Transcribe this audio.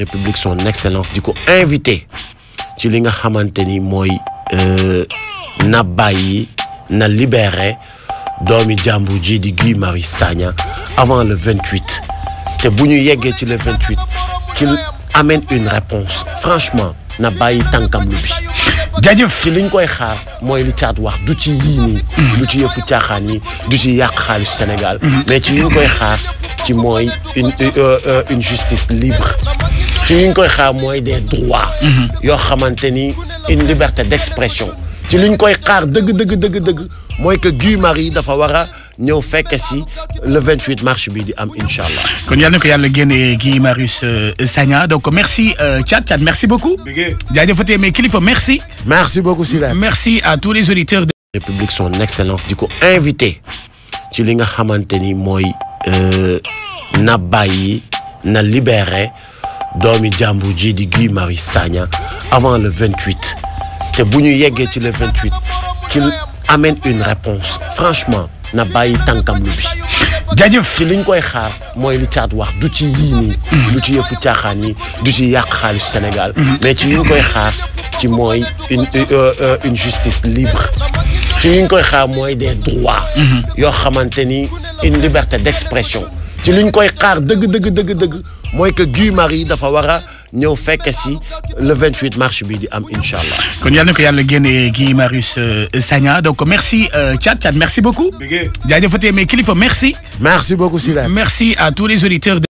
république son excellence du coup invité ci li nga xamanteni moy euh na bàyyi na libéré doomi jàmbur ji di Guy Marie Sagna avant le 28 té buñu ñu ci le 28 qu'il amène une réponse franchement na pas eu lu bi jaajëf ci liñ koy xaar moy li caat wax du ci yii nii mhm. du ci yëfu tiaxan yi du ci Sénégal mhm. mais ci ñu koy xaar ci une euh, euh, une justice libre ci li ñu koy xaar mooy des droits. yoo xamante ni une liberté d'expression. ci li ñu koy xaar dëgg dëgg dëgg dëgg mooy que Guy Marie dafa war a ñëw fekk si le 28 mars bi di am incha allah. kon yal na ko yàlla génne Guy Marius euh, Sagna donc merci Chat euh, Chat merci beaucoup. jaajëfatee mais kilifa merci. merci beaucoup Sylvain. merci à tous les auditeurs de. République son excellence di ko invité ci li nga xamante ni mooy euh, na bàyyi na libéré doomi jàmbur ji di Guy Sagna avant le 28 te bu ñu ci le 28 qu'il amène une réponse franchement na bàyyi tànkam lu bi jaajëf ci liñ koy xaar mooy li caat wax du ci yii nii mm-hmm. du ci yëfu caaxaan tu du ci yàq Au Sénégal mm-hmm. mais ci liñ koy xaar ci mooy une euh, euh, une justice libre ci liñ koy xaar Moi, des droits mm-hmm. Yo, xamante une liberté d'expression ci liñ koy xaar dëgg dëgg dëgg dëgg mooy que Guy Marie dafa war a ñëw fekke si le 28 mars bi di am incha allah. kon yal na ko yàlla génne Guy Marius euh, Sagna donc merci chat euh, chat merci beaucoup. jaajëfatee mais kilifa merci. merci beaucoup Sylla. merci à tous les auditeurs.